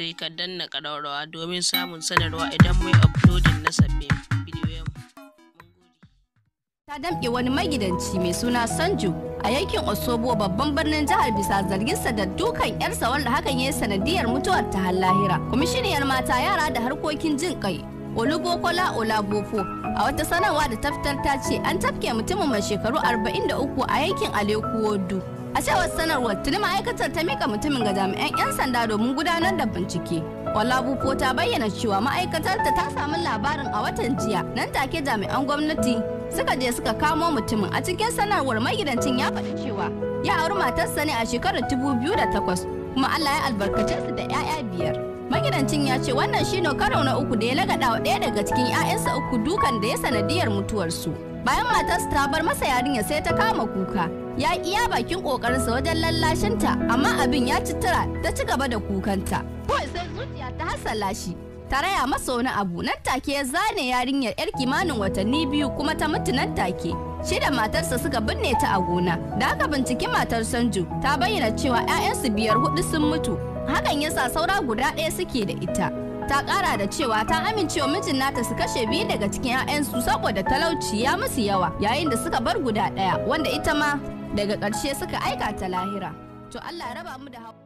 sai ka danna ƙararrawa domin samun sanarwa idan mai uploading na sabbin Ta damƙe wani magidanci mai suna Sanju a yankin Osobo babban birnin jihar bisa zarginsa da dukan yarsa wanda hakan ya yi sanadiyar mutuwar ta lahira. Kwamishiniyar mata yara da harkokin jin kai Olubokola Olabofo a wata sanarwa da ta fitar ta ce an tafke mutumin mai shekaru 43 a yankin Alekuwodu. A cewar sanarwar tuni ma'aikatar ta mika mutumin ga jami'an 'yan sanda domin gudanar da bincike. Bufo ta bayyana cewa ma'aikatar ta ta samu labarin a watan jiya nan take jami'an gwamnati suka je suka kamo mutumin a cikin sanarwar magidancin ya faɗi cewa ya auri matarsa ne a shekarar dubu biyu 2008 kuma Allah ya albarkace su da 'ya'ya biyar. Magidancin ya ce wannan shine karo na uku da ya lagaɗa wa ɗaya daga cikin 'ya'yansa uku dukan da ya sanadiyar mutuwarsu. bayan matarsa ta bar masa yarinya sai ta kama kuka ya iya bakin kokarinsa wajen lallashinta amma abin ya cittura ta ci gaba da kukanta kawai sai zuciya ta hasala shi ta raya masa wani abu nan take ya zane yarinyar yar kimanin watanni biyu kuma ta mutu nan take shi da matarsa suka binne ta a gona da aka binciki matar sanju ta bayyana cewa 'ya'yansu biyar hudu sun mutu hakan yasa saura guda ɗaya suke da ita ta kara da cewa ta amincewa mijin nata su kashe biyu daga cikin 'ya'yansu saboda talauci ya musu yawa yayin da suka bar guda ɗaya wanda ita ma daga ƙarshe suka aika ta lahira to Allah raba mu da